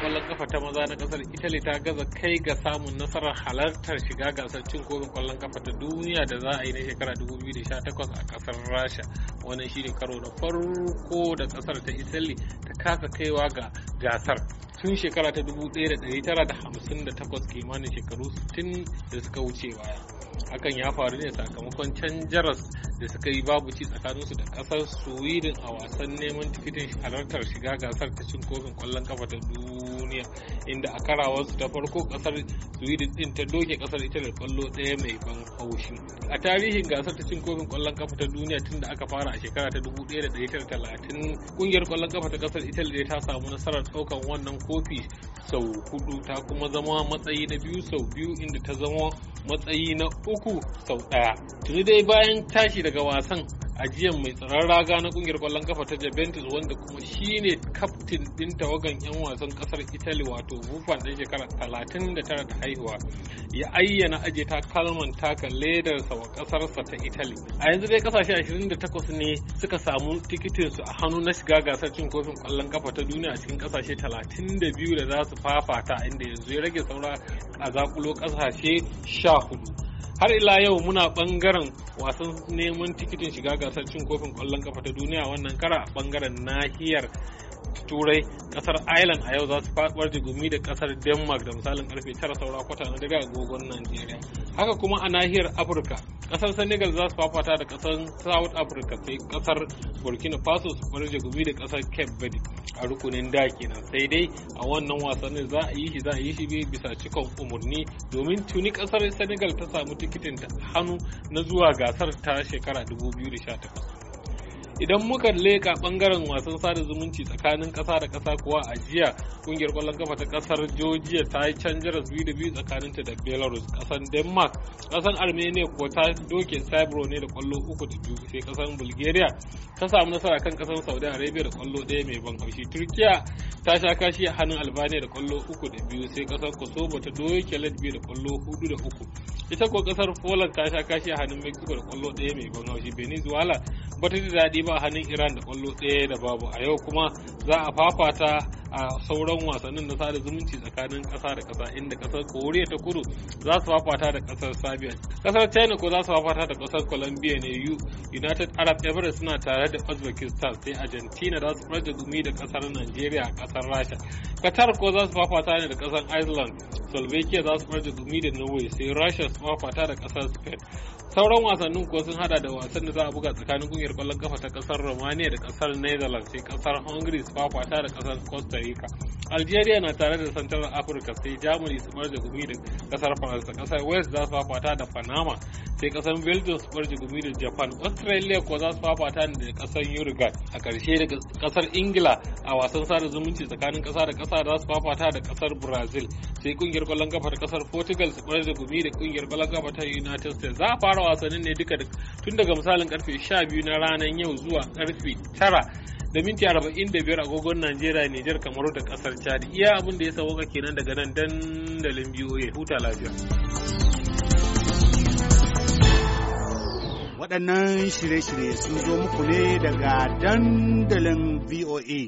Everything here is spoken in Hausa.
kwallon ƙwallon kafa ta maza na kasar Italy ta gaza kai ga samun nasarar halartar shiga gasar cin kofin ƙwallon kafa ta duniya da za a yi na shekara 2018 a ƙasar Rasha. Wannan shine karo na farko da kasar ta Italy ta kasa kaiwa ga gasar. Tun shekara ta 1958 kimanin shekaru 60 da suka wuce baya. hakan ya faru ne sakamakon can jaras da suka yi babu ci tsakanin su da kasar sweden a wasan neman tikitin halartar shiga gasar ta cin kofin kwallon kafa ta duniya inda a karawarsu ta farko kasar sweden din ta doke kasar ita da kwallo ɗaya mai ban haushi a tarihin gasar ta cin kofin kwallon kafa ta duniya tun da aka fara a shekara ta 1930 kungiyar kwallon kafa ta kasar italy ta samu nasarar ɗaukan wannan kofi sau hudu ta kuma zama matsayi na biyu sau biyu inda ta zama matsayi na uku sau ɗaya tuni dai bayan tashi daga wasan ajiyan mai tsaron raga na kungiyar kwallon kafa ta Juventus wanda kuma shine kaftin din tawagan 'yan wasan kasar Italy wato Buffon dan shekara 39 da haihuwa ya ayyana aje ta kalman taka ledarsa wa kasarsa ta Italy. A yanzu dai kasashe 28 ne suka samu tikitin su a hannu na shiga gasar cin kofin kwallon kafa ta duniya a cikin kasashe 32 da za su fafata inda yanzu ya rage saura a zakulo kasashe 14. har ila yau muna bangaren wasan neman tikitin shiga gasar cin kofin kwallon kafa ta duniya wannan kara a bangaren nahiyar turai kasar ireland a yau za su faɗuwar da gumi da kasar denmark da misalin karfe 9 saura kwata na dare agogon nigeria. haka kuma a nahiyar afirka kasar senegal za su fafata da kasar south africa sai kasar burkina faso su fara da kasar cape verde a rukunin da kenan sai dai a wannan wasannin za a yi shi za a yi shi bisa cikon umarni domin tuni kasar senegal ta samu tikitin hannu na zuwa gasar ta shekara 2018 idan muka leka bangaren wasan sada zumunci tsakanin kasa da kasa kuwa a jiya kungiyar kwallon kafa ta kasar georgia ta yi canjaras biyu da biyu tsakanin ta da belarus kasan denmark kasan armenia kuwa ta doke cyber ne da kwallo uku da biyu sai kasan bulgaria ta samu nasara kan kasan saudi arabia da kwallo ɗaya mai ban haushi turkiya ta sha kashi a hannun albania da kwallo uku da biyu sai kasar kosovo ta doke latvia da kwallo hudu da uku ita ko kasar poland ta sha kashi a hannun mexico da kwallo ɗaya mai ban haushi venezuela ba ji daɗi ba a hannun iran da kwallo ɗaya da babu a yau kuma za a fafata a sauran wasannin na sada zumunci tsakanin ƙasa da ƙasa inda ƙasar koriya ta kudu za su fafata da ƙasar sabiya ƙasar china ko za su fafata da ƙasar colombia ne united arab emirates suna tare da uzbekistan sai argentina za su da gumi da ƙasar nigeria a ƙasar rasha qatar ko za su fafata ne da ƙasar iceland slovakia za su da gumi da norway sai russia su fafata da ƙasar spain sauran wasannin kuwa sun hada da wasan da za a buga tsakanin kungiyar kwallon kafa ta kasar romania da kasar netherlands sai kasar hungary su fafata da kasar costa rica algeria na tare da central africa sai germany su marje gumi da kasar faransa kasar west za su fafata da panama sai kasar belgium su marje gumi da japan australia ko za su fafata da kasar uruguay a karshe da kasar ingila a wasan sada zumunci tsakanin kasa da kasa za su fafata da kasar brazil sai kungiyar kwallon kafa ta kasar portugal su marje gumi da kungiyar kwallon kafa ta united states za a fara wasannin ne duka tun daga misalin karfe 12 na ranar yau zuwa karfe 9 da minti arba'in da biyar agogon Najeriya, Nijar, Kamaru da kasar Chad. Iya abin da ya sauka kenan daga nan dandalin BOA. Huta lafiya. Waɗannan shirye-shirye sun zo muku ne daga dandalin VOA.